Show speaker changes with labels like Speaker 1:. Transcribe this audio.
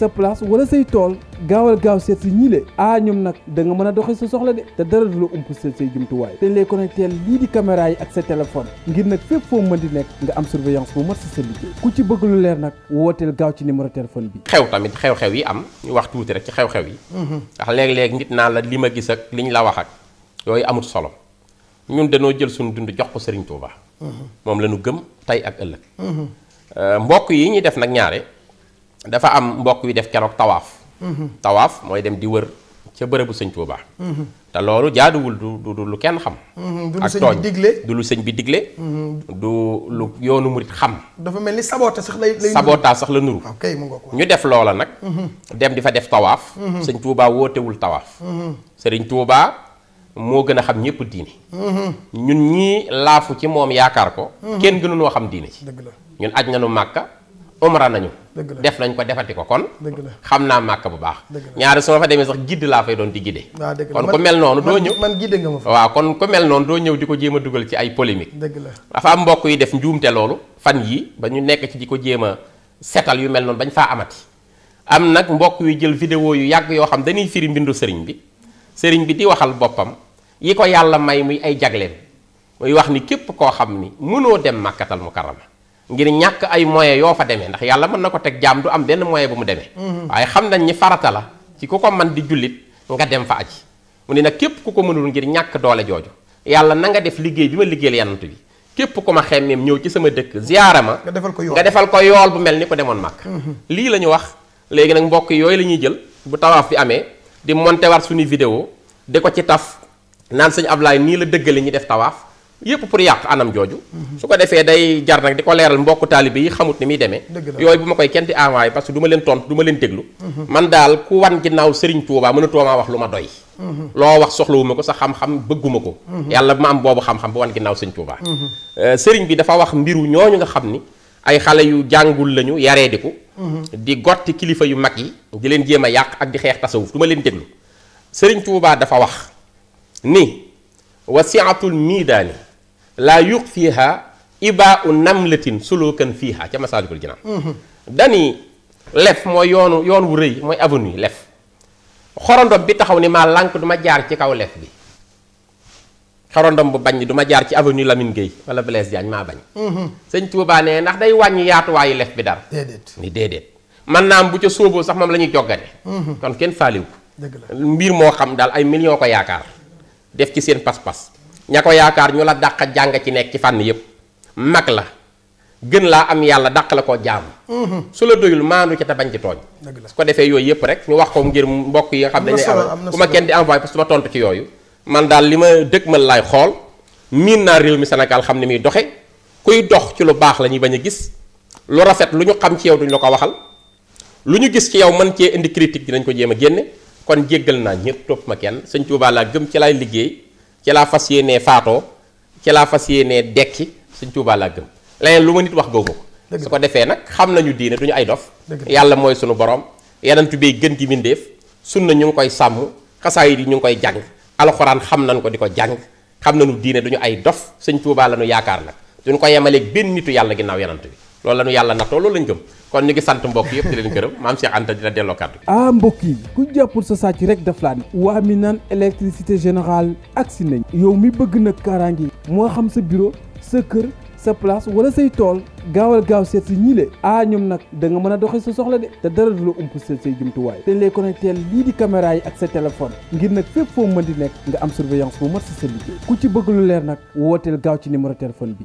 Speaker 1: sa place wala say tool gaawal gaaw seet si ñiile ah ñoom nag da nga mën a doxee sa soxla de te dara du la ump sa say jumtuwaay te ñu lay connecté lii di caméra yi ak sa téléphone ngir nag fépp foo mën di nekk nga am surveillance bu mat si sa liggéey ku ci bëgg lu leer nag wooteel gaaw ci numéro téléphone bi.
Speaker 2: xew tamit xew-xew yi am ñu wax tuuti rek ci xew-xew yi. Mhm. ndax léeg-léeg ngit naa la li ma gis ak liñ la wax ak yooyu amul solo ñun dañoo jël suñu dund jox ko Serigne Touba. Mhm. moom la ñu gëm tey ak ëllëg. Mhm. Euh, mbokk yi ñuy def nag ñaare dafa am mbokk yu def keroog tawaaf. Mhm. tawaaf mooy dem di wër ca bërëbu sëñ Touba. Mhm. te loolu jaaduwul du du lu kenn xam.
Speaker 1: Mhm. ak tooñ
Speaker 2: du lu sëñ bi digle.
Speaker 1: du
Speaker 2: lu yoonu murit xam.
Speaker 1: dafa mel ni saboota sax lay lay sax
Speaker 2: la nuru. ñu def loola nag. dem di fa def tawaaf. sëñ Touba wootewul tawaaf. sëriñ Touba moo gën a xam ñëpp diine. ñun ñii laafu ci moom yaakaar ko. kenn gënuñoo xam diine ci. ñun aj na nu màkka. umra nañu def nañ ko defati ko kon xam naa màkk bu baax ñaari su ma fa demee sax gidd laa fay doon di gidde
Speaker 1: ah, kon ku mel
Speaker 2: noonu doo ñëw man gidde nga ma kon ku mel doo ñëw di ko jéem a dugal ci ay polémique dafa am mbokk yi def njuumte loolu fan yi ba ñu nekk ci di ko jéem a setal yu mel noonu bañ faa amati am nag mbokk yu jël vidéo yu yàgg yoo xam dañuy firi mbindu sëriñ bi sëriñ bi di waxal boppam yi ko yàlla may mi ay jagleen muy wax ni képp koo xam ni mënoo dem màkkatal mukarrama ngir ñàkk ay moyens yoo fa demee ndax yàlla mën na ko teg jaam du am benn moyen bu mu demee mhm. waaye xam nañ ñi farata la ci ku ko man di jullit nga dem fa aji mu ne nag képp ku ko mënul ngir ñàkk doole jooju yàlla na nga def liggéey bi ma liggéeyal yanant bi képp ku ma xemmeem ñëw ci sama dëkk ziyaara ma nga defal ko yool nga defal ko yool bu mel ni ko demoon màkk mhm. lii la ñu wax léegi nag mbokk yooyu lañuy jël bu tawaaf bi amee di monte war suñu vidéo di ko ci taf naan ab Ablaay nii la dëggale ñi def tawaaf yépp pour yàq anam jooju su ko defee day jar nag di ko leeral mbokk taalibe yi xamut ni muy demee yooyu bu ma koy kenn di envoyé parce que du ma leen tontu du leen déglu mhm. man daal ku wan ginnaaw Serigne Touba mën a toomaa wax lu ma doy mhm. loo wax soxlawu ko sa xam bëgguma ko mhm. yàlla bu boobu xam-xam bu wan ginnaaw Serigne Touba euh, Serigne bi dafa wax mbiru ñooñu nga xam ni ay xale yu jàngul lañu yaree di ko di gotti kilifa yu mag yi di leen jéem a yàq ak di xeex tasawuf du ma leen déglu Serigne Touba dafa wax ni wasiatul miidaani laa yuqfiha ibaau namlatin sulukan fiiha ca masaalikul jinaan mhm. dani lef mooy yoonu yoon wu rëy mooy avenue lef xorondom bi taxaw ni maa lànk du ma jaar ci kaw lef bi xorondom bu bañ du ma jaar ci avenue Lamine Gueye wala Blaise Diagne maa bañ mhm. sëñ Tuubaa ne ndax day wàññi yaatuwaayu lef bi dara ni déedéet man naam bu ca sóoboo sax moom la joggane mhm. kon kenn faaliw
Speaker 1: ko
Speaker 2: mbir moo xam daal ay million ko yaakaar def ci seen pas-pas ña ko yaakaar ñu la dàq jàng ci nekk ci fànn yëpp mag la gën laa am yàlla dàq la koo jaam mhm. su la doyul maandu ca te bañ ci tooñ su ko defee yooyu yëpp rek ñu wax ko ngir mbokk yi nga xam dañuy am bu ma kenn di envoyé parce que ma tontu ci yooyu man daal li ma dëkk ma laay xool miin naa réew mi Sénégal xam ne muy doxe kuy dox ci lu baax la ñuy bañ a gis lu rafet lu ñu xam ci yow duñu la ko waxal lu ñu gis ci yow man cee indi critique dinañ ko jéem a génne kon jéggal naa ñëpp topp ma kenn sëñ Tuubaa laa gëm ci laay liggéey ci laa fas yéenee faatoo ci laa fas yéenee dekki sëñ Tuubaa laa gëm leneen lu ma nit wax gëw ma ko su ko defee nag xam nañu diine duñu ay dof yàlla mooy sunu borom yanantu bee gën gi mbindéef sunna ñu ngi koy sàmm xasaayit yi ñu ngi koy jàng alxuraan xam nañ ko di ko jàng xam nañu diine duñu ay dof sëñ Tuubaa la ñu yaakaar nag duñu ko yemaleeg benn nitu yàlla ginnaaw yanant bi loolu la ñu yàlla nattoo loolu lañ gëm kon ñu ngi sant mbokk yëpp di leen gërëm maam Cheikh Anta di la delloo kàddu
Speaker 1: ah mbokk yi ku jàppul sa sàcc rek daf laa ne waa mi naan électricité générale agsi nañ yow mi bëgg nag kaaraange yi moo xam sa biro sa kër sa place wala say tool gaawal gaaw seet si ñii le ah nag da nga mën a doxee sa soxla de te dara du la umpaseel say jumtuwaay te ñu lay connecté lii di caméra yi ak sa téléphone ngir nag fépp foo mën di nekk nga am surveillance bu mat si ku ci bëgg lu leer nag wooteel gaaw ci numéro téléphone bi.